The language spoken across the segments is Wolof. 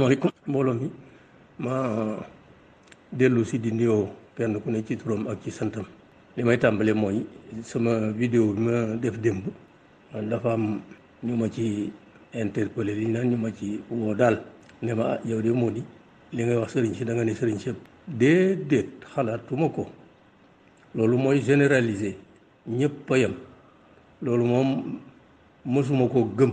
maaleykum mbooloo mi ma dellu si di nuyoo kenn ku ne ci turam ak ci santam li may tàmbale mooy sama vidéo bi ma def démb dafa am ñu ma ci interpellé li ñu naan ñu ma ci woo daal ne ma ah, yow de moo di li ngay wax sëriñ si danga ne sëriñ si déedéet xalaatuma ko loolu mooy généraliser ñëpp a loolu moom mësuma koo gëm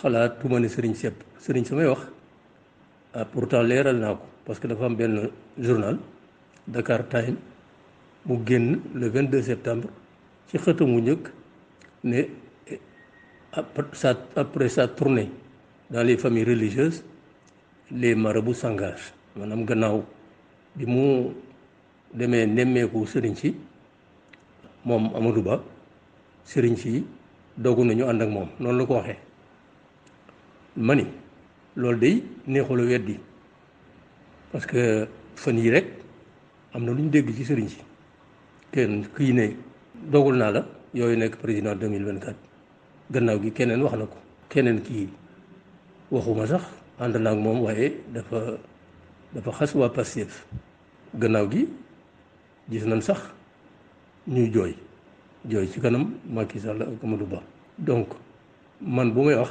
xalaatuma ne sëriñ sépp sëriñ samay wax ah pourtant leeral naa ko parce que dafa am benn journal Dakar Time mu génn le 22 septembre ci xëtam mu njëkk ne après sa après sa tournée dans les familles religieuses les marabouts s'engagent maanaam gannaaw bi mu demee nemmeeku sëriñ si moom Amadou Ba sëriñ si dogu nañu ànd ak moom noonu la ko waxee. ma ni loolu day neexul a weddi parce que fan yi rek am na lu ñu dégg ci sëriñ si kenn kii ne dogul naa la yooyu nekk président 2024 gannaaw gi keneen wax na ko keneen kii waxuma sax ànd naa ak moom waaye dafa dafa xas waa Pastef gannaaw gi gis nañ sax ñuy jooy jooy ci kanam Macky la ak Amadou Ba donc man bu may wax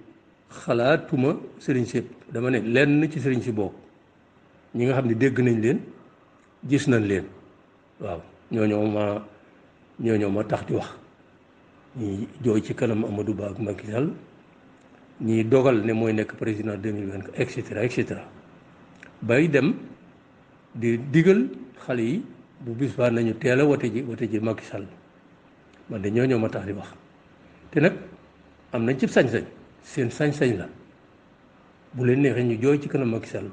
xalaatuma sëriñ si dama ne lenn ci sëriñ si bokk ñi nga xam ne dégg nañ leen gis nañ leen waaw ñoo ma ñooñoo ma tax di wax ñi jooy ci kanam Amadou Ba ak Macky Sall dogal ne mooy nekk président 2024 et cetera et cetera bay dem di digal xale yi bu bis baa nañu teel a wote ji wote ji Macky Sall man de ñooñoo ma tax di wax te nag am nañ ci sañ-sañ seen sañ-sañ la bu leen neexee ñu jooy ci kanam Macky Sall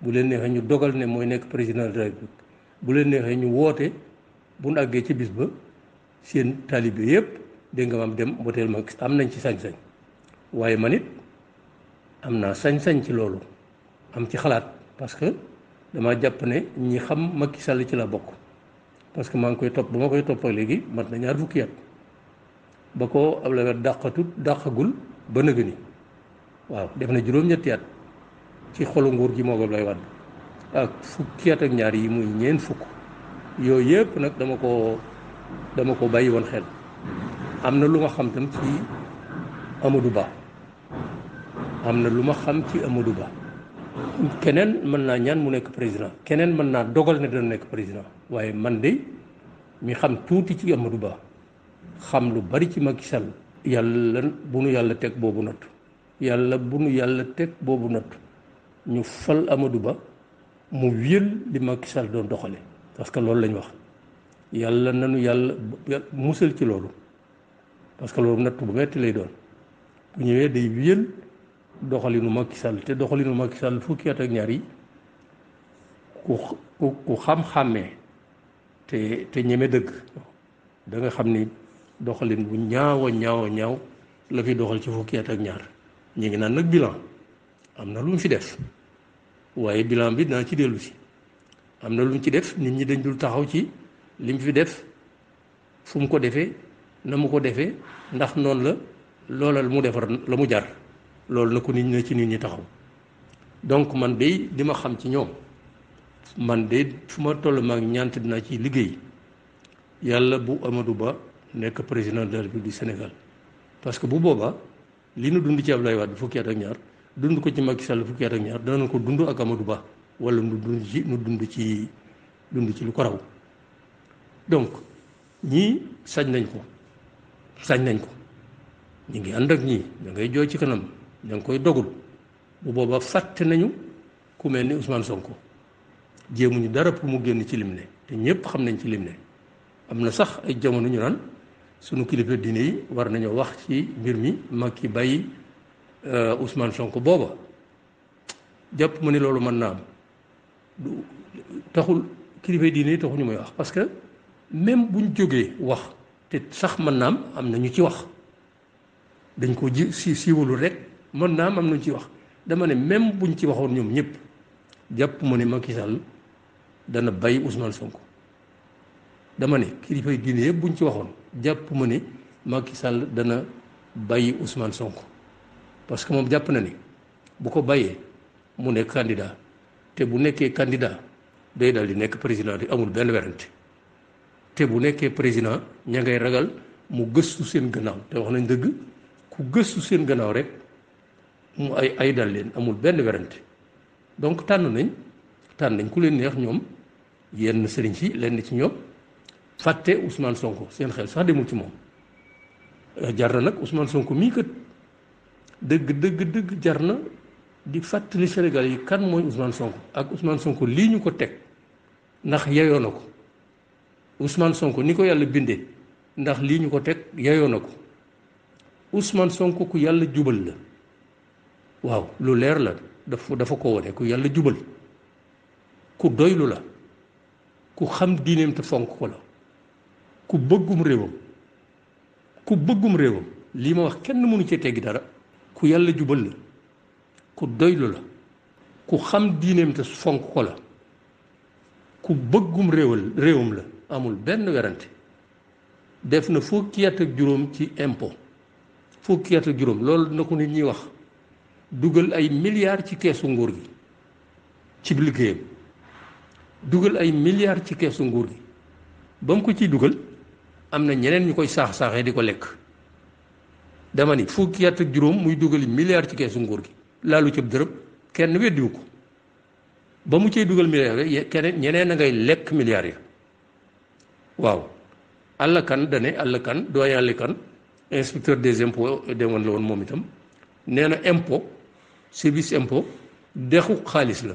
bu leen neexee ñu dogal ne mooy nekk président de la bu leen neexee ñu woote bu nu àggee ci bis ba seen taalibe yëpp dégg nga maam dem woteel Macky am nañ ci sañ-sañ waaye ma it am naa sañ-sañ ci loolu am ci xalaat parce que dama jàpp ne ñi xam Macky Sall ci la bokk parce que maa ngi koy topp ba ma koy topp ak léegi mat na ñaar fukki at ba ko ab la dàqatut dàqagul ba neug ni waaw def na juróom-ñetti at ci xolu nguur gi moo lay wadd ak fukki at ak ñaar yi muy ñeen fukk yooyu yëpp nag dama ko dama ko bàyyi woon xel am na lu ma xam tam ci amadou ba am na lu ma xam ci amadou ba keneen mën naa ñaan mu nekk président keneen mën naa dogal ne dana nekk président waaye man de mi xam tuuti ci amadou ba xam lu bari ci makisal Yalla bunu yalla tek bobu not yalla bunu yalla tek bobu not ñu fal Amadou Ba mu wéyal li Macky Sall doon doxale parce que loolu lañ wax yalla nanu yalla musel ci loolu parce que loolu natt bu metti lay doon bu ñewé day wéyal doxalinu Macky Sall te doxalinu Macky Sall fukki at ak ñaar yi ku ku xam xamé te te ñëmé dëgg da nga xamni doxalin bu ñaaw a ñaaw la fi doxal ci fukki at ak ñaar ñu ngi naan nag bilan am na lu mu fi def waaye bilan bi dana ci dellu si am na lu mu ci def nit ñi dañ dul taxaw ci li fi def fu mu ko defee na mu ko defee ndax noon la loolal mu defar la mu jar loolu na ko nit ñi ci nit ñi taxaw donc man day di ma xam ci ñoom man day fu ma toll maag ñant dinaa ci liggéey yàlla bu Amadou Ba nekk président de la République du Sénégal parce que bu boobaa li nu dund ci Abdoulaye Wade fukki at ak ñaar dund ko ci Macky Sall fukki at ak ñaar danañ ko dund ak Amadou Ba wala nu dund ci nu dund ci dund ci lu ko raw donc ñii sañ nañ ko sañ nañ ko ñu ngi ànd ak ñi da ngay jooy ci kanam da koy dogul bu boobaa fàtte nañu ku mel ni Ousmane Sonko jéemuñu dara pour mu génn ci lim ne te ñëpp xam nañ ci lim ne am na sax ay jamono ñu naan. sunu kilifa diine yi war nañu wax ci mbir mi mag ki euh Ousmane Sonko booba jàpp mu ne loolu man naa am du taxul kilifa diine yi ñu may wax parce que même buñ jógee wax te sax man naa am am ci wax dañ ko ji si siiwalul rek man naa am am nañu ci wax dama ne même buñ ci waxoon ñoom ñëpp jàpp mu ne Macky Sall dana bay Ousmane Sonko dama ne kilifay diine bu ñu ci waxoon jàpp ma ne Macky sàll dana bàyyi Ousmane sonk parce que moom jàpp na ni bu ko bàyyee mu nekk candidat te bu nekkee candidat day dal di nekk président di amul benn werante te bu nekkee président ña ngay ragal mu gëstu seen gannaaw te wax nañ dëgg ku gëstu seen gannaaw rek mu ay ay dal leen amul benn werante donc tànn nañ tànn nañ ku leen neex ñoom yenn sëriñ si lenn ci ñoom. fàtte Ousmane Sonko seen xel sax demul ci moom euh, jar na nag Ousmane Sonko mii kat dëgg dëgg dëgg jar na di fàttali Sénégal yi kan mooy Ousmane sonk ak Ousmane Sonko lii ñu ko teg ndax yayoon na ko Ousmane Sonko ni ko yàlla bindee ndax lii ñu ko teg yeyoo na ko Ousmane Sonko ku yàlla jubal la waaw lu leer la dafa dafa ko wone ku yàlla jubal ku doylu la ku xam diineem te fonk ko la. ku bëggum réewam ku bëggum réewam lii ma wax kenn mënu ci teggi dara ku yàlla jubal la ku doylu la ku xam diineem te fonk ko la ku bëggum réewal réewam la amul benn werante def na fukki at ak juróom ci impo fukki at ak juróom loolu na ko nit ñi wax dugal ay milliards ci keesu nguur gi ci liggéeyam dugal ay milliards ci keesu nguur gi ba mu ko ciy dugal am na ñeneen ñu koy saax saaxee di ko lekk dama ni fukki at juróom muy dugali milliard ci keesu nguur gi laalu cëb dërëb kenn weddiwu ko ba mu cee dugal milliard rek keneen ñeneen a ngay lekk milliards ya waaw àll kan dane àll kan doyen àll kan inspecteur des impôts demoon la woon moom itam nee na impôt service impo dexu xaalis la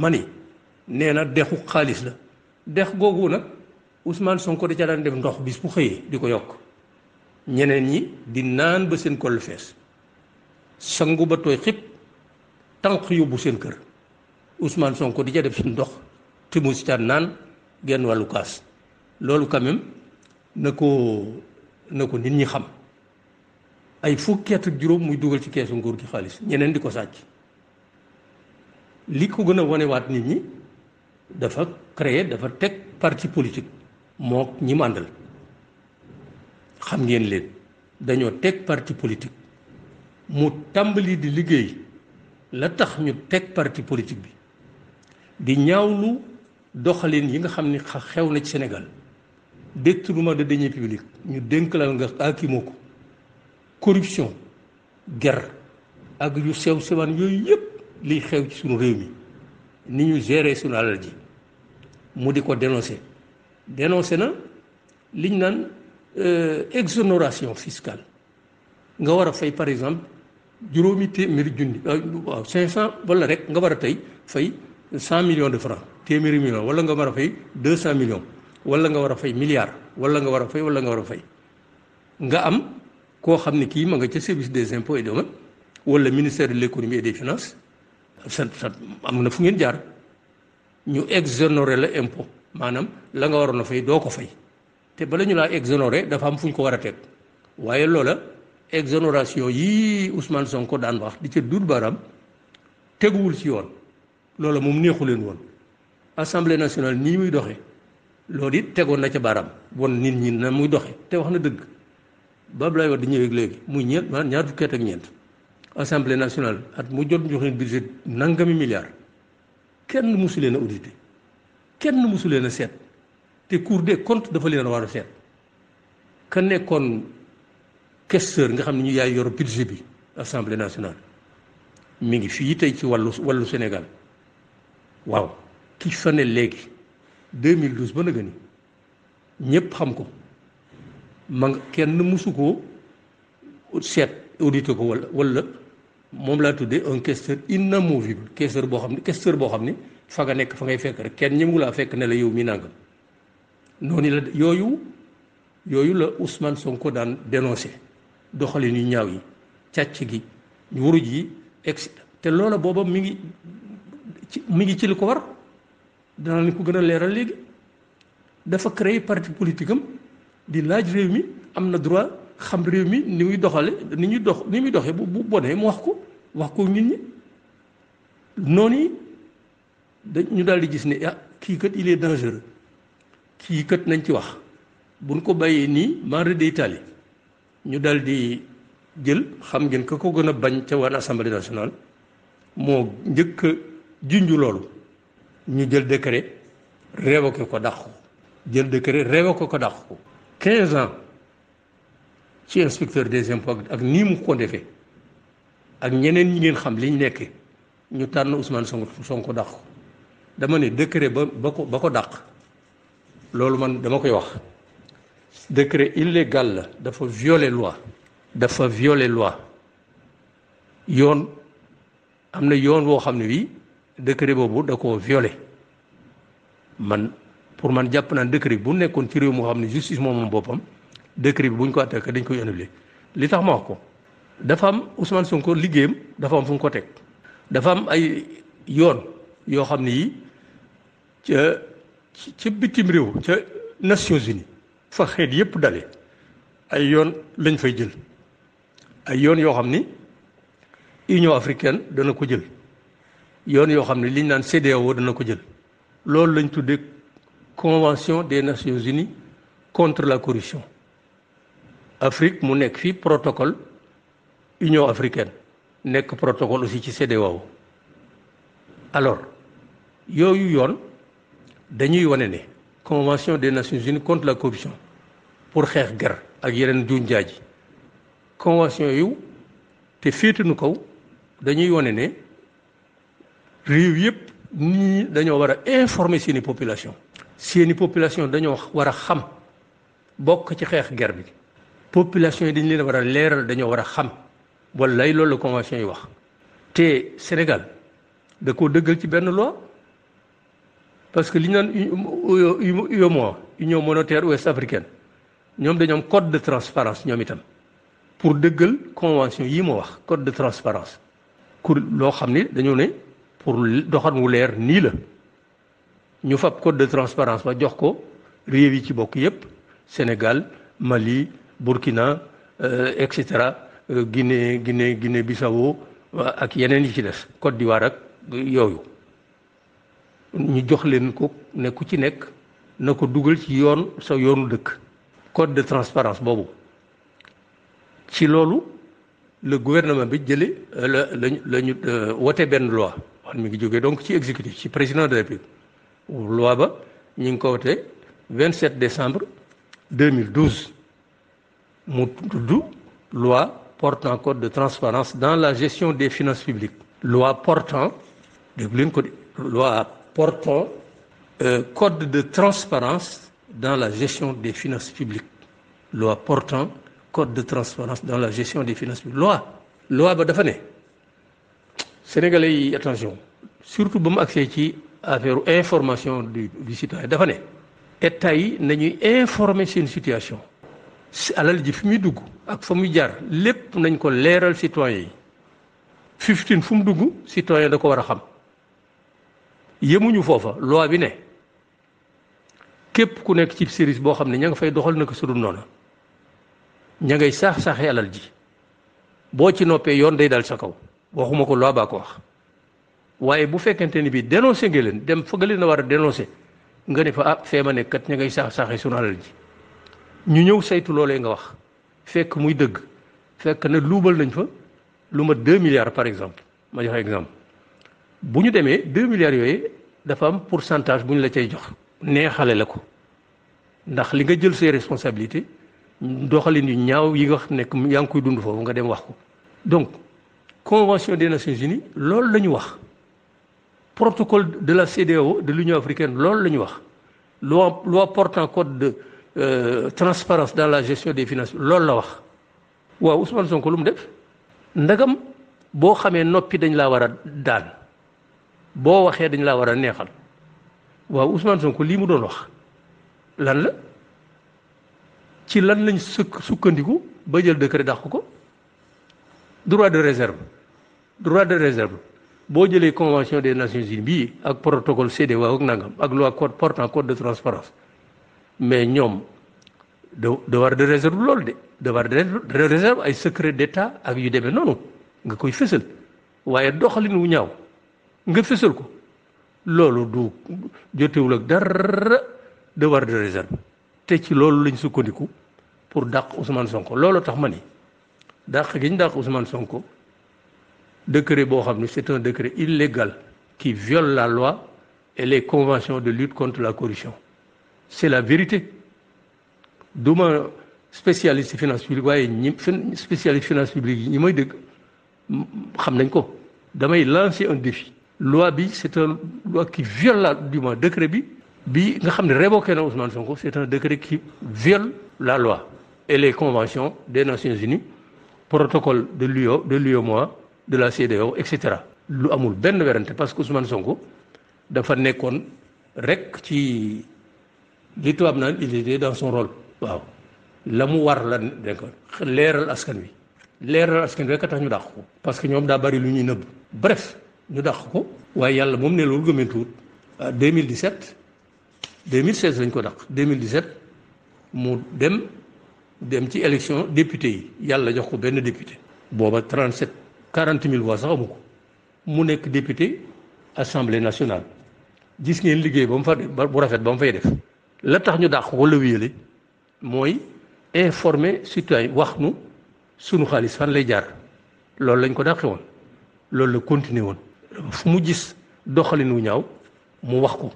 ma ni nee na dexu xaalis la dex googu nag Ousmane Sonko da ca daan def ndox bis bu di ko yokk ñeneen ñi di naan ba seen koll fees sangu ba tooy xib tànk yóbbu seen kër Ousmane Sonko di ca def seen ndox te mu si daan naan genn wàllu kaas loolu quand même na ko nit ñi xam ay fukki ak juróom muy dugal ci keesu nguur gi xaalis ñeneen di ko sàcc li ko gën a wanewaat nit ñi dafa créer dafa teg parti politique moo ñi mu xam ngeen leen dañoo teg parti politique mu tàmbali di liggéey la tax ñu teg parti politique bi di lu doxalin yi nga xam ni xew na ci Sénégal détournement de deniers publics ñu dénkalal nga aakimoo ko corruption ger ak yu sew sewaan yooyu yëpp liy xew ci sunu réew mi ni ñu gérer sunu alal ji mu di ko dénoncer. dénoncé na liñ nan euh exonération fiscale nga wara fay par exemple juróomi téeméeri junni euh, waaw 500 wala rek nga wara tay fay 100 millions de francs téeméeri millions wala nga wara fay 200 millions wala nga wara fay milliards wala nga wara fay wala nga wara fay nga am ko xam ki kii ma nga ca service des impôts et domaines wala ministère de l'économie et des finances sa am na fu ngeen jaar ñu exonérer la impôt maanaam la nga waroon a fay doo ko fay te bala ñu laa exonéré dafa am fu ñu ko war a teg waaye loola exonération yii Ousmane Sonko daan wax di ca duur baaraam teguwul ci yoon loola moom neexu leen woon assemblée nationale nii muy doxee loolu it tegoon na ca baaraam won nit ñi na muy doxe te wax na dëgg ba Abdoulaye Wade ñëwee léegi muy ñeent maanaam ñaar fukki at ak ñeent assemblée nationale at mu jot joxe budget nangami milliards kenn musu leen a audité kenn mësu leen a seet te Cour des comptes dafa leen a war a seet ka nekkoon questeur nga xam ne ñu yaay yor budget bi assemblée nationale mi ngi fii tey ci wàllu wàllu Sénégal waaw ki fa ne léegi 2012 ba nëgëni ñëpp xam ko ma nga kenn mësu ko seet audité ko wala wala moom laa tuddee un questeur inamovible questeur boo xam ne questeur boo xam ne. fa nga nekk fa ngay fekk rek kenn ñëmu laa fekk ne la yow mi nangam noonu la yooyu yooyu la Ousmane Sonko daan dénoncé doxalin ñaaw yi càcc gi wuruj yi ex te loola booba mi ngi ci mi ngi ci li ko war dana ni ko gën a leeral léegi dafa créé parti politique am di laaj réew mi am na droit xam réew mi ni muy doxale ni ñuy dox ni muy doxee bu bu bonee mu wax ko wax koo nit ñi noonu dañ ñu daal di gis ni ah kii kat il est dangereux kii kat nañ ci wax buñ ko bàyyee nii mare de Italie ñu daal di jël xam ngeen ko ko gën a bañ ca waan assemblée nationale moo njëkk a loolu ñu jël décret révoqué ko dàq ko jël décret révoqué ko ko dàq ko. 15 ans ci inspecteur des impôts ak nii mu ko defee ak ñeneen ñi ngeen xam liñ nekk ñu tànn Ousmane Sonko Sonko dàq ko. dama ne décret ba ba ko ba ko dàq loolu man dama koy wax décret illégal la dafa violer loi dafa violer loi yoon am na yoon woo xam ne décret boobu da koo violer man pour man jàpp naa décret bu nekkoon ci réew moo xam ne justice moom moom boppam décret bi bu ñu ko attaqué dañ koy annulé li tax ma wax ko dafa am Ousmane Sonko liggéeyam dafa am fu mu ko teg dafa am ay yoon yoo xam ne yi ca ca bitim réew ca Nations Unies fa xeet yépp dale ay yoon lañ fay jël ay yoon yoo xam ni Union africaine dana ko jël yoon yoo xam ne liñ naan CEDEAO dana ko jël loolu lañ tuddee convention des Nations Unies contre la corruption Afrique mu nekk fi protocole Union africaine nekk protocole aussi ci CEDEAO alors yooyu yoon dañuy wane ne convention des nations unies contre la corruption pour xeex ger ak yeneen juñ jaaji convention yu te féetanu kaw dañuy wane ne réew yépp nit ñi dañoo war a informer seeni population seeni population dañoo war a xam bokk ci xeex ger bi population yi dañ leen war a leeral dañoo war a xam wallay lay loolu la convention yi wax te Sénégal da koo dëggal ci benn loi parce que l'Union monétaire ouest africaine nous avons un code de transparence ñom itam pour dëggal convention yi mo wax code de transparence pour lo xamni dañu dañoo ne pour un wu leer ni la ñu fab code de transparence ba jox ko réew yi ci bokk yépp Sénégal Mali Burkina euh, etc. cetera euh, Guinée Guinée Guinée Bissau euh, ak yeneen yi ci des Côte d'Ivoire ak nous jox leen ko code de transparence le gouvernement bi loi mi président de la république loi 27 décembre 2012 mu loi portant code de transparence dans la gestion des finances publiques loi portant loi portant euh, code de transparence dans la gestion des finances publiques. Loi portant code de transparence dans la gestion des finances publiques. Loi loi ba dafa sénégalais attention surtout ba mu à ci information du citoyen Et taï, état yi informé informer une situation À a de fi ak nañ citoyen fifteen yëmuñu foofa loi bi ne képp ku nekk ci service boo xam ne ña nga fay doxal na ko sudul noona ña ngay saax-saaxe alal ji boo ci noppee yoon day dal sa kaw waxuma ko loi baa ko wax waaye bu fekkente ni bii dénoncé nga leen dem fa nga leen a war a dénoncé nga ne fa ah fee ma ne kat ña ngay saax-saaxe sunu alal ji ñu ñëw saytu loolee nga wax fekk muy dëgg fekk na luubal nañ fa lu ma deux milliards par exemple ma joxe exemple Si ñu demee deux milliards de dafa am pourcentage bu la jox la ndax li nga jël yu ñaaw yi nga donc convention des nations unies nous la wax protocole de la CDO de l'union africaine loolu la ñu wax loi loi portant code de euh, transparence dans la gestion des finances loolu la wax Ousmane Sonko def ndagam dañ boo waxee dañ laa war a neexal waaw Ousmane Sonko lii mu doon wax lan la ci lan lañ sukk sukkandiku ba jël décret dàq ko droit de réserve droit de réserve boo jëlee convention des nations unies bii ak protocole CEDEAO ak nangam ak loi code portant code de transparence mais ñoom de devoir de réserve loolu de devoir de réserve ay secret d'état ak yu demee noonu nga koy fësal waaye doxalin wu ñaaw nga ko loolu du ak de réserve ci loolu lañ pour Ousmane Sonko loolu tax Sonko décret c'est un décret illégal qui viole la loi et les conventions de lutte contre la corruption c'est la vérité duma spécialiste finance publique waaye ñi spécialiste finance publique ñi xam nañ lancer un défi loi bi c'est une un loi qui viole la du moins décret bi bi nga xamné révoqué na Ousmane Sonko c'est un décret qui viole la loi et les conventions des Nations Unies protocole de l'UO e de l'UEMOA de la CDO e etc. lu amul benn wérante parce que Ousmane Sonko dafa nekkoon rek ci li tubaab naan il était dans son rôle. waaw lamu war la nekkoon leral askan wi leral askan rek tax ñu dàq parce que ñom da bari lu ñuy neub bref nous dàq ko waaye yàlla 2017 2016 euh, lañ ko 2017 mu dem dem élection député yi jox ko député booba 37 40 000 voix sax mu député assemblée nationale gis ngeen liggéey ba fa bu rafet la tax ñu ko informer citoyen sunu fan lay jaar loolu lañ ko loolu continuer fu mu gis doxalin wu ñaaw mu wax ko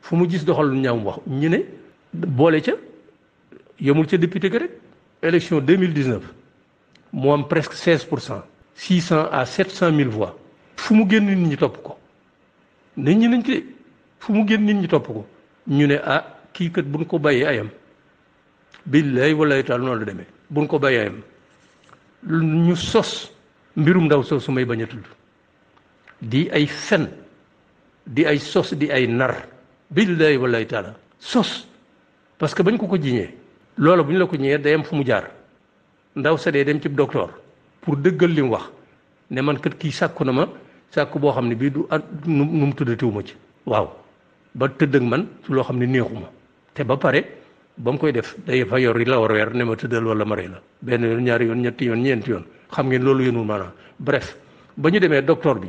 fu mu gis doxalin wu ñaaw mu wax ñu ne boole ca yemul ca député ga rek élection 2019 mu am presque 16 pour cent 600 à 700 mille voix fu mu génn nit ñi topp ko nit ñi nañ ci fu mu génn nit ñi topp ko ñu ne ah kii kat buñ ko bàyyee ayam billaay walaay taal noonu la demee buñ ko bàyyee ayam ñu sos mbirum ndaw su may bañ a tudd di ay fen di ay sos di ay nar billahi wallahi taala sos parce que bañ ko ko jiñee loola bu ñu la ko ñëwee day am fu mu jaar ndaw sa dee dem ci docteur pour dëggal li mu wax ne man kat kii sàkku na ma sàkku boo xam ne bii du at nu mu tuddatiwu ma ci waaw ba tëdd man su loo xam ni neexu ma te ba pare ba mu koy def day fa yor yi la war weer ne ma tëddal wala ma rey la benn yoon ñaari yoon ñetti yoon ñeenti yoon xam ngeen loolu yéenul maanaam bref ba ñu demee docteur bi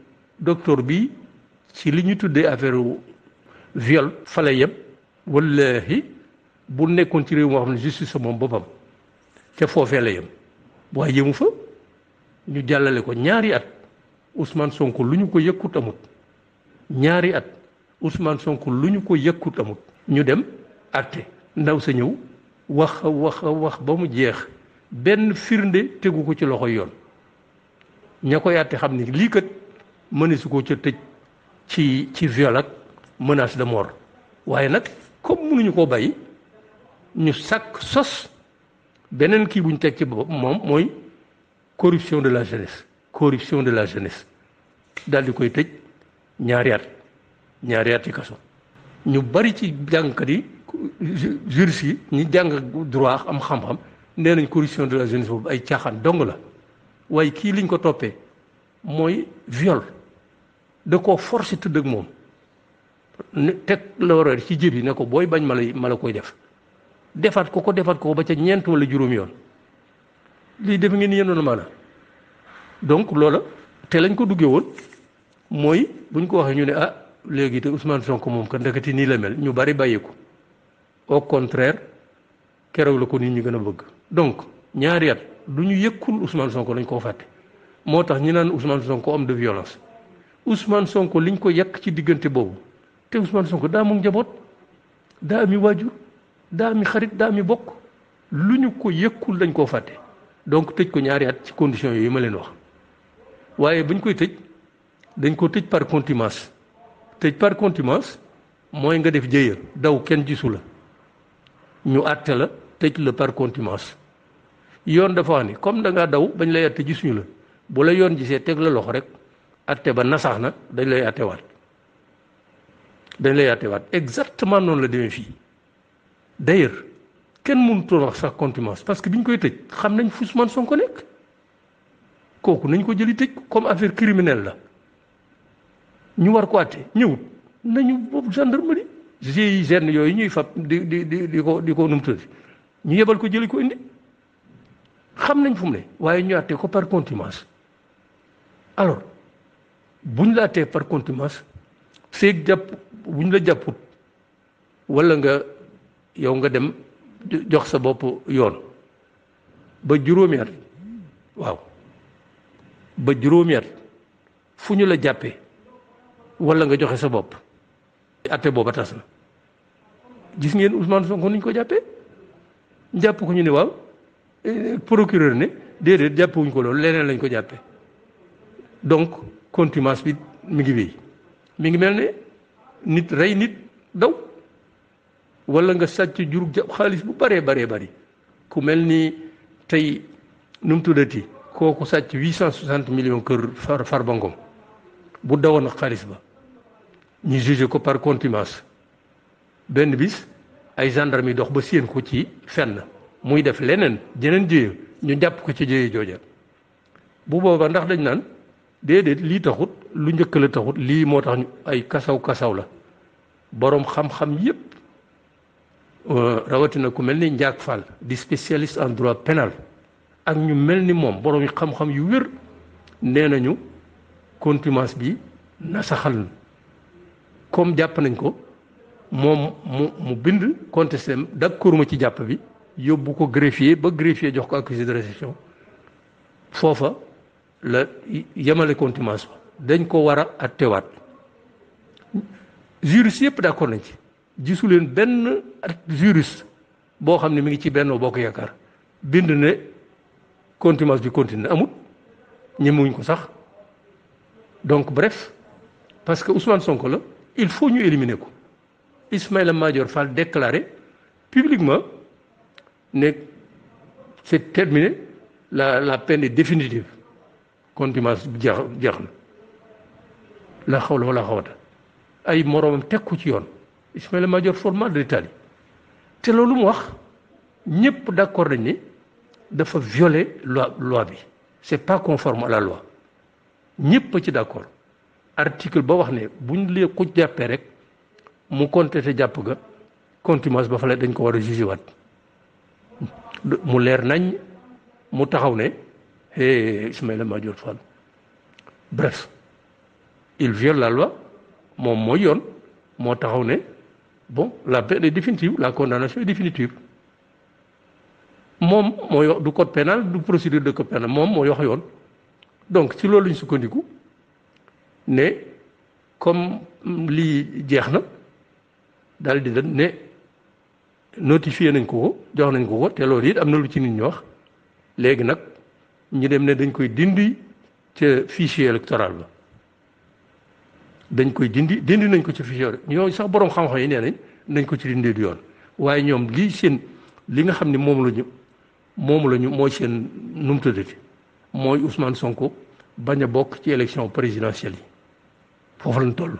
docteur bi ci li ñu tuddee affaire viol fale yëpp wallahi bu nekkoon ci réew moo xam ne justice moom boppam ca foofeela yem waaye yëmu fa ñu jàllale ko ñaari at Ousmane Sonko lu ñu ko yëkkut amut ñaari at Ousmane Sonko lu ñu ko yëkkut amut ñu dem atte ndaw sa ñëw wax wax wax ba mu jeex benn firnde tegu ko ci loxo yoon ña koy atte xam ni lii kat su ko ca tëj ci ci viol ak menace de mort waaye nag comme mënuñu koo bay ñu sàkk sos beneen kii bu ñu teg ci boppam moom mooy corruption de la jeunesse corruption de la jeunesse daal di koy tëj ñaari at ñaari at ci kaso ñu bari ci jàngkat yi juriste yi ñi jàng droit am xam-xam nee nañ corruption de la jeunesse boobu ay caaxaan dong la waaye kii liñ ko toppee mooy viol da koo forcé tudd ak moom teg la war ci jëb yi ne ko booy bañ mala la ma la koy def defaat ko ko defaat ko ba ca ñeent wala juróom yoon lii def ngeen yenoon maana donc loola te lañ ko duggee woon mooy buñ ko waxee ñu ne ah léegi te Ousmane Sonko moom ka ndekati nii la mel ñu bari bàyyi ko au contraire keroog la ko nit ñu gën a bëgg donc ñaari at du ñu yëkkul Ousmane Sonko lañ koo fàtte moo tax ñu naan Ousmane Sonko homme de violence Ousmane Sonko liñ ko yàq ci diggante boobu te Ousmane ko daa moom njaboot daa ami waajur daa mi xarit daa mi bokk lu ñu ko yëkkul dañ koo fàtte donc tëj ko ñaari at ci conditions yooyu ma leen wax waaye buñ koy tëj dañ ko tëj par contumace tëj par contumace mooy nga def jëya daw kenn gisu la ñu àtte la tëj la par contumace yoon dafa wax ni comme da ngaa daw bañ lay àtte gisuñu la boo la yoon jisee teg la loxo rek. atte ba nasax na dañ lay waat dañ lay attewaat exactement noonu la demee fii d'ailleurs kenn mënutoon wax sax contumace parce que bi ñu koy tëj xam nañ fu Ousmane Sonko nekk kooku nañ ko jëli tëj comme affaire criminelle la ñu war ko atte ñëwut nañu boobu gendarmerie GIGN yooyu ñuy fab di di di di ko di ko numtati ñu yebal ko jëli ko indi xam nañ fu mu ne waaye ñu atte ko par contumace alors bu ñu laatee par contumace jàpp bu la jàpput walla nga yow nga dem jox sa bopp yoon ba juróomi waaw ba juróomi at fu ñu la jàppee walla nga joxe sa bopp atte booba tas na gis ngeen Ousmane Sonko ni ñu ko jàppe jàpp ko ñu ne waaw eh, procureur ne déedéet jàppewuñ ko loolu leneen lañ ko jàppe donc contimence bi mi ngi wéy mi ngi mel ne nit rey nit daw wala nga sàcc jur xaalis bu baree baree bari ku mel ni tey nu mu kooku sàcc huit cent soixante millions kër far Farba Ngom bu dawoon ak xaalis ba ñu jugé ko par contimence benn bis ay gendarme dox ba séen ko ci fen fenn muy def leneen jeneen jéye ñu jàpp ko ci jéye jooja bu boobaa ndax dañ naan déedéet lii taxut lu njëkk la taxut lii moo tax ñu ay kasaw kasaw la boroom xam-xam yépp euh, rawatina ku mel ni Ndiak Fall di spécialiste en droit pénal ak ñu mel ni moom boroom xam-xam yu wér nee nañu contumace bi nasaxal na comme jàpp nañ ko moom mu mu bind contesté d'accord ma ci jàpp bi yóbbu ko greffier ba greffier jox ko accusé de réception foofa. la yemale contumace ba dañ ko war a attewaat yépp yëpp d'accord nañ ci gisu leen benn juriste boo xam ne mi ngi ci Benno Bokk Yaakaar bind ne contumace bi continue amut ñemewuñ ko sax donc bref parce que Ousmane Sonko la il faut ñu éliminer ko Ismaïla major Fall déclaré publiquement ne c'est terminé la la peine est définitive kon dimanche jeex jeex na la xawla wala xawata ay moroomam tekku ci yoon Ismaïla Madior formal de l'Italie te loolu mu wax ñëpp d'accord dañ ni dafa violer loi loi bi c'est pas conforme à la loi ñëpp ci d'accord article ba wax ne buñ lee ko jàppee rek mu contesté jàpp ga contumace ba fa la dañ ko war a juger waat mu leer nañ mu taxaw ne et Ismaël Madior Fall. Bref, il viole la loi, mon moyen, mon Bon, la peine est définitive, la condamnation est définitive. mon moyen du code pénal du procédure de code pénal mon moyen donc si l'on ne comme li il ne notifié nañ ko jox nañ ko ko té it lu ci nit ñu dem ne dañ koy dindi ca fichier électoral ba dañ koy dindi dindi nañ ko ci fichier ñooñu sax boroom xam-xam yi nee nañ nañ ko ci dindi du yoon waaye ñoom lii seen li nga xam ne moom la ñu moom ñu mooy seen nu mu tuddati mooy Ousmane Sonko bañ a bokk ci élection présidentielle yi foofu lañ toll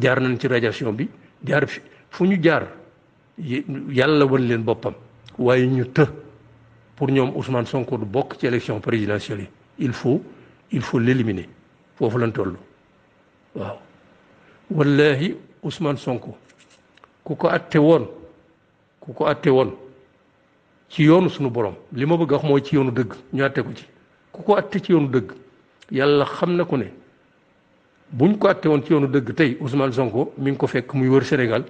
jaar nañ ci radiation bi jaar fi fu ñu jaar yàlla wan leen boppam waaye ñu të. pour ñom Ousmane Sonko du bokk ci élection présidentielle il faut il faut l'éliminer fofu lañ tollu waaw wallahi Ousmane Sonko ku ko atte woon ku ko atte woon ci yoonu suñu borom li ma bëgg wax mooy ci yoonu dëgg ñu atté ko ci ku ko atte ci yoonu dëgg yalla xam na ko ne buñ ko atté won ci yoonu dëgg tey Ousmane Sonko mi ngi ko fekk muy wër Sénégal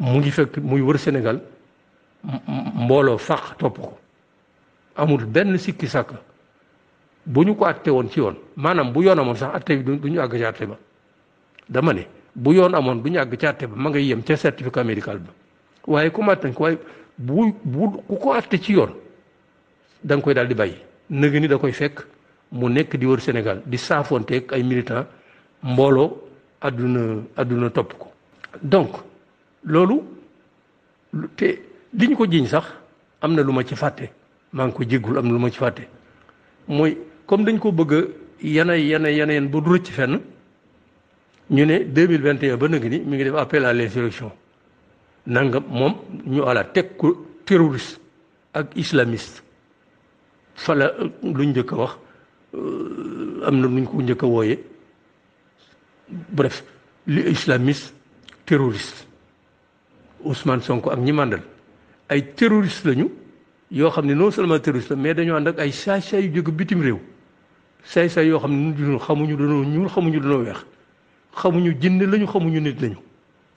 mu ngi fekk muy wër Sénégal mbooloo sax topp ko amul benn sikki sàkk bu ñu ko atte woon ci yoon maanaam bu yoon amoon sax atte bi du ñu àgg ci atte ba dama ne bu yoon amoon du ñu àgg ci atte ba ma ngay yem ca certificat médical ba waaye comme attañ ko bu bu ku ko atte ci yoon da koy daal di bay nëgë da koy fekk mu nekk di wër Sénégal di saafonteeg ay militant mbooloo adduna àdduna topp ko donc loolu te li ñu ko jiiñ sax am na lu ma ci fàtte maa ngi ko jéggul am na lu ma ci fàtte mooy comme dañ ko bëgg a yana yana yenn ba du rëcc fenn ñu ne 2021 ba nëgg ni mi ngi def appel à l'insurrection nangam moom ñu ala teg ko terroriste ak islamiste fala euh, lu njëkk a wax euh, am na luñ ko njëkk a wooye bref li islamiste terroriste Ousmane Sonko ak ñi màndal ay terroriste lañu yoo xam ne non seulement terroriste la mais dañoo ànd ak ay saay-saay yu jóge bitim réew saay-saay yoo xam ne ñun xamuñu dañoo ñuul xamuñu dañoo weex xamuñu jinne lañu xamuñu nit lañu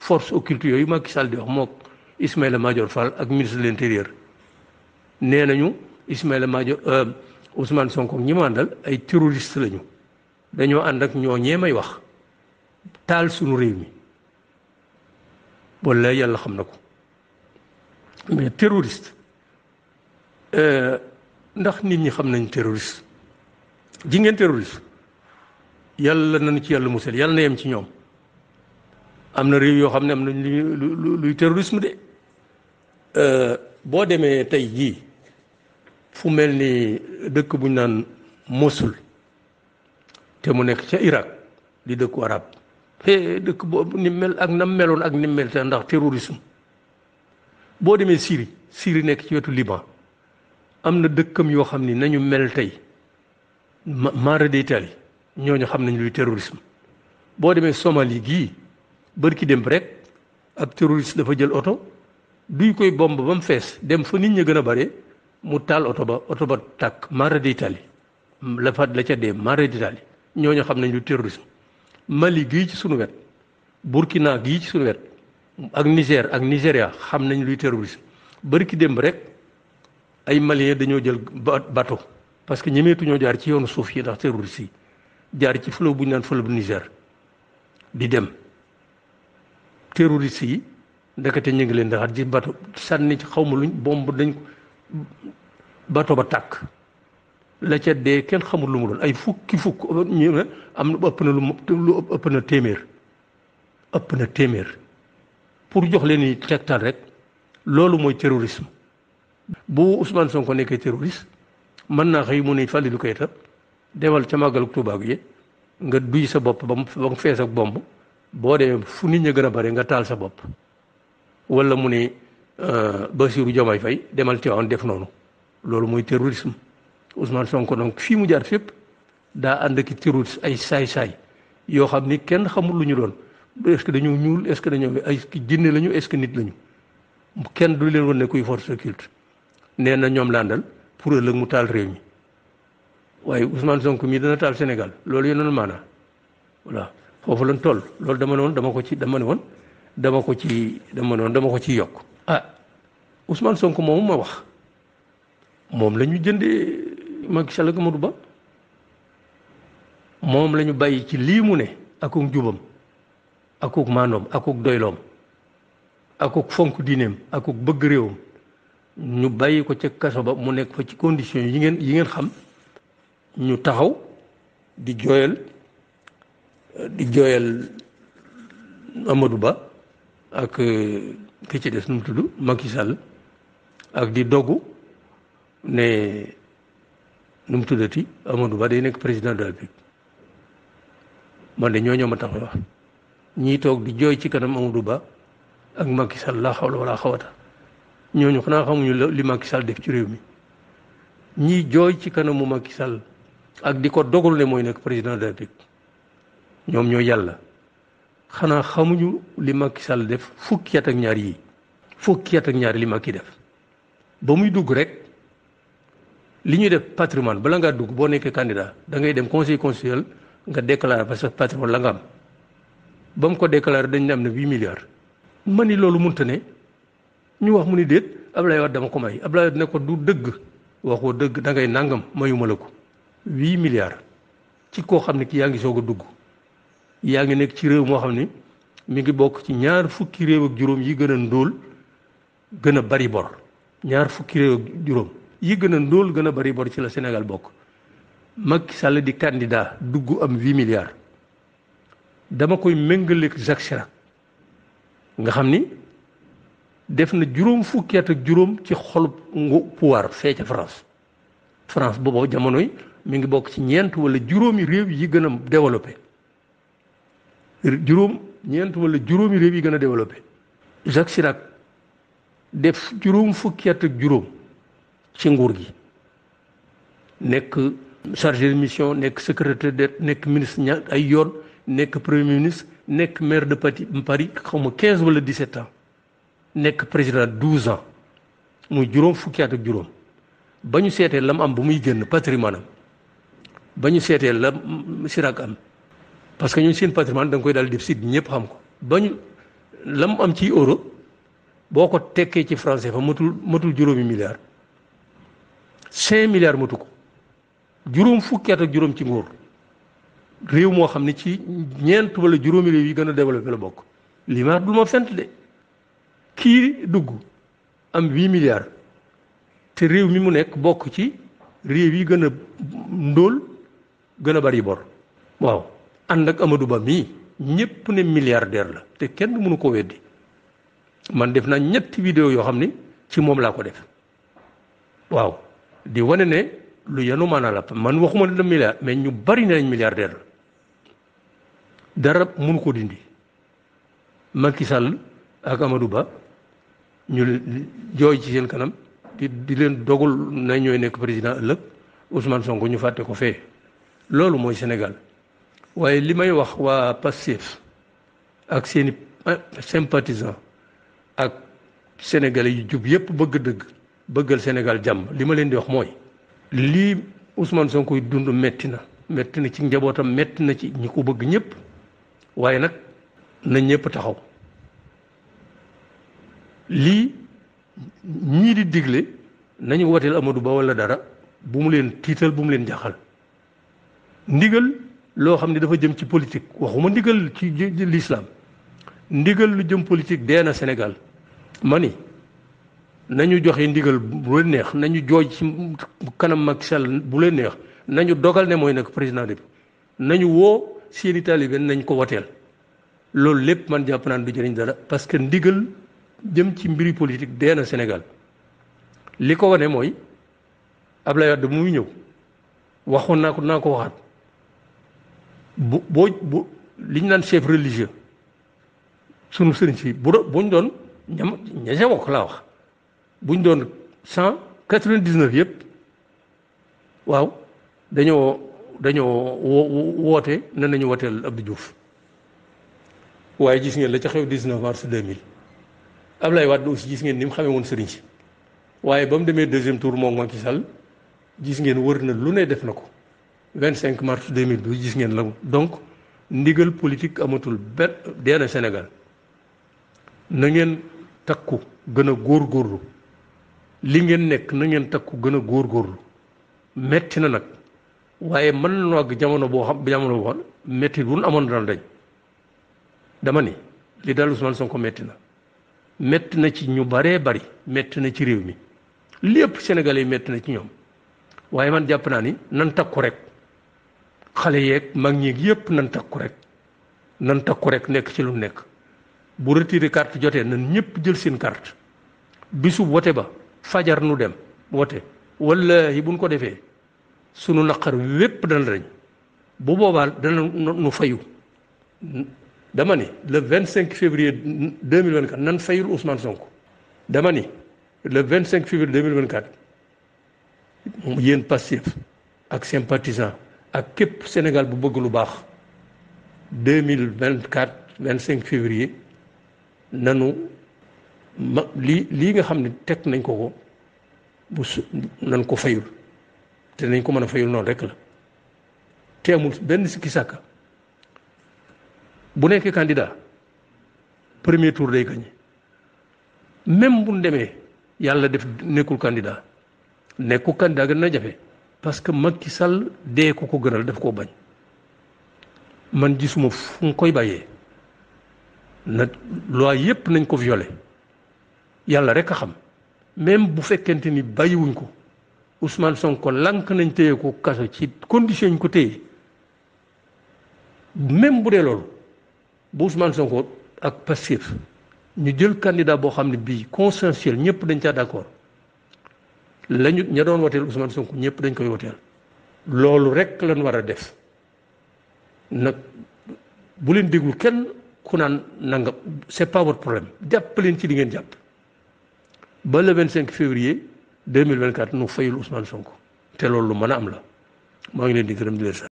force occulte yooyu Macky Sall di wax mook Ismaïla Madior Fall ak ministre de l'intérieur nee nañu Ismaïla Madior euh, Ousmane Sonko ñi mu àndal ay terroriste lañu dañoo ànd ak ñoo ñee may wax taal sunu réew mi walla yàlla xam na ko. mais terroriste euh, ndax nit ñi xam nañ terroriste ji ngeen terroriste yàlla nañu ci yàlla musal yàlla na yem ci ñoom am na réew yoo xam ne am nañ lu luy mu de euh, boo demee tey jii fu mel ni dëkk bu ñu naan Mosul te mu nekk ca Irak di dëkku arab te dëkk boobu ni mel ak nam meloon ak ni mel te ndax terrorisme boo demee Syrie Syrie nekk ci wetu Liban am na dëkkam yoo xam ni nañu mel tey mara d'Italie ñooñu xam nañ luy terrorisme boo demee Somalie gii ki dem rek ab terroriste dafa jël oto duy koy bomb ba mu fees dem fa nit ña gën a bare mu taal oto ba oto ba tàkk mara d'Italie la la ca dee mara d'Italie ñooñu xam nañ lu terrorisme Mali gii ci sunu wet Burkina gii ci sunu wet ak Niger ak Nigéria xam nañ luy terrorisme bari ki démb rek ay Maliens dañoo jël bateau parce que ñemeetuñoo jaar ci yoonu suuf yi ndax terroristes yi jaar ci fleuve bu ñu naan fleuve bu Niger di dem terroristes yi ndekete ñu ngi leen di xat ci bateau sànni ci xaw ma luñ bomb dañ bateau ba tàkk la ca dee kenn xamul lu mu doon ay fukki fukk ñu ne am ëpp na lu ëpp na téeméer ëpp na téeméer. pour jox leen i tegtal rek loolu mooy terrorisme bu Ousmane Sonko nekkee terroriste mën naa xëy mu ne Fallou demal ca màggalu Tuubaa gi nga duy sa bopp ba mu ba mu fees ak bomb boo demee fu nit ñi gën a nga taal sa bopp wala mu ne euh, basiru jomay fay demal on def noonu loolu mooy terrorisme Ousmane Sonko donc fii mu jaar fépp daa ànd ak terroriste ay saay-saay yoo xam kenn xamul lu ñu doon. est ce que dañoo ñuul est dañoo ay jinne lañu est ce que nit lañu kenn du leen wan ne kuy force occulte nee na ñoom laandal pour ëllëg mu taal réew mi waaye Ousmane sonk mii dana taal Sénégal loolu yenoon maanaa voilà foofu lañ toll loolu dama ne woon dama ko ci dama ne woon dama ko ci dama ne dama ko ci yokk ah Ousmane Sonko moomu ma wax moom lañu ñu jëndee Macky Sall ak Ba moom lañu ñu bàyyi ci lii mu ne akum jubam akuk maandoom akuk doyloom akuk fonk diineem akuk bëgg réewam ñu bàyyi ko ca kaso ba mu nekk fa ci condition yi ngeen yi ngeen xam ñu taxaw di jooyal di jooyal Amadou Ba ak euh, ki ci des nu mu tudd Macky Sall ak di dogu ne nu mu tuddati Amadou day nekk président de la République man de ñoo ma tax wax ñii toog di jooy ci kanam Amadou Ba ak Macky Sall laa xawla wala xawata ñooñu xanaa xamuñu li Macky sal def ci réew mi ñii jooy ci kanamu Macky Sall ak di ko dogul ne mooy nekk président de la ñoom ñoo yàlla xanaa xamuñu li Macky Sall def fukki at ak ñaar yi fukki at ak ñaar li Macky def ba muy dugg rek li ñuy def patrimoine bala ngaa dugg boo nekkee candidat da ngay dem conseil constitutionnel nga déclarer parce que patrimoine la nga am ba mu ko déclaré dañ ne am na huit milliards ma ni loolu mënta ne ñu wax mu ni déet Ablaye Wade dama ko may Ablaye Wade ne ko du dëgg waxoo dëgg da ngay nangam mayuma la ko huit milliards ci koo xam ne ki yaa ngi soog a dugg yaa ngi nekk ci réew moo xam ne mi ngi bokk ci ñaar fukki réew ak juróom yi gën a ndóol gën a bari bor ñaar fukki réew ak juróom yi gën a ndóol gën a bari bor ci la Sénégal bokk Macky Sall di candidat dugg am huit milliards dama koy méngaleeg Jacques Chirac nga xam ni def na juróom fukki ak juróom ci xolub ngu pouvoir fee ca France France booba jamonoy mi ngi bokk ci ñeent walla juróomi réew yi gën a développé juróom ñeent wala juróomi réew yi gën a développé Jacques Chirac def juróom fukki ak juróom ci nguur gi nekk chargé de mission nekk secrétaire d'État nekk ministre ña ay yoon nek premier ministre nek maire de Paris comme 15 wala 17 ans nek président 12 ans muy juroom fukki at ak juroom bañu sété lam am bu muy génn patrimoine bañu sété ñu seetee la am parce que ñun seen patrimoine dang koy dal def sid ñëpp xam ko bañu lam am ci euro boko ko ci français fa matul matul juróomi milliards 5 milliards matu ko juróom fukki at ak juroom ci nguur réew moo xam ne ci ñeent wala juróomi réew yi gën a développé la bokk limaar du ma fent de kii dugg am huit milliards te réew mi mu nekk bokk ci réew yi gën a ndóol gën a bari bor waaw ànd ak Amadou Ba mii ñépp ne milliardaire la te kenn mënu ko weddi man def naa ñetti vidéo yoo xam ni ci moom laa ko def waaw di wane ne lu yenu maanaa la man waxuma ne la milliard mais ñu bari ne nañ milliardaire la dara mënu ko dindi Macky Sall ak Amadou Ba ñu jooy ci seen kanam di di leen dogul na ñooy nekk président ëllëg Ousmane Sonko ñu fàtte ko fee loolu mooy Sénégal waaye li may wax waa Pastef ak seeni sympathisant ak sénégalais yu jub yépp bëgg dëgg bëggal Sénégal jàmm li ma leen di wax mooy lii Ousmane Sonko dund metti na metti na ci njabootam metti na ci ñu ko bëgg ñëpp waaye nag nañ ñépp taxaw lii ñii di digle nañu wooteel Amadou Ba walla dara bu mu leen tiital bu mu leen jaaxal ndigal loo xam ne dafa jëm ci politique waxuma ndigal ci lislaam ndigal lu jëm politik dee na Sénégal ma ni nañu joxe ndigal bu leen neex nañu jooj ci kanam mag Sall bu leen neex nañu dogal ne mooy nekk président de nañu woo seeni taalibe nañ ko wotel loolu lépp man jàpp naan du jëriñ dara parce que ndigal jëm ci mbiri politique dee na Sénégal li ko wane mooy Ablaye Wade muy ñëw waxoon naa ko naa ko waxaat boo liñ naan chef religieux sunu sëriñ si bu buñ doon ñam ña ca bokk laa wax buñ doon cent quatre vingt dix neuf yëpp waaw dañoo dañoo woote ne nañu woteel Abdou Diouf waaye gis ngeen la ca xew 19 mars 2000 wat Wade aussi gis ngeen ni mu xamee woon sëriñ si waaye ba mu demee deuxième tour moom moo Macky sal gis ngeen wër na lu ne def na ko 25 mars 2012 gis ngeen la donc ndigal politik amatul benn deena senegal na ngeen takku gën a góorlu li ngeen nekk na ngeen takku gën a góorlu metti na nag. waaye mën nañoo àgg jamono boo xam jamono boo xam métti bu amoon dana dañ dama ni li daal Ousmane ko métti na métti na ci ñu baree bari métti na ci réew mi lépp Sénégalais yi métti na ci ñoom waaye man jàpp naa ni nan takku rek xale yeeg mag ñeeg yépp nan takku rek nan takku rek nekk ci lu nekk bu retiré carte jotee nan ñëpp jël seen carte bisu wote ba fajar nu dem wote wallaahi buñ ko defee. sunu naqar wépp dana dañ bu boobaal dana nu fayu dama ni le vingt cinq février deux mille nan fayul Ousmane sonk dama ni le vingt cinq février deux mille vingt quatre yéen Pastef ak sympathisant ak képp Sénégal bu bëgg lu baax deux mille vingt quatre vingt cinq février nanu ma lii lii nga xam ni teg nañ ko ko bu su nan ko fayul. te nañ ko mën a fayul noonu rek la te benn sikki sàkka bu nekkee candidat premier tour day gagné même bu demee yàlla def nekkul candidat nekkul candidat gën na jafe parce que ki Sall dee ko ko gënal def koo bañ man ji suma fu mu koy bàyyee na loi yépp nañ ko violé yàlla rek a xam même bu fekkente ni bàyyiwuñ ko. Ousmane Sonko lank nañ téye ko kaso ci condition ñu ko téye même bu dee loolu bu Ousmane Sonko ak Pastef ñu jël candidat boo xam ne bii consensuel ñëpp dañ caa d' accord lañu ña doon woteel Ousmane Sonko ñëpp dañ koy woteel loolu rek lañ war a def nag bu leen déglu kenn ku naan nanga c' est pas votre problème jàpp leen ci li ngeen jàpp ba le 25 février. 2024 nu fayul Ousmane Sonko te loolu lu mën a am la maa ngi leen di gërëm di leen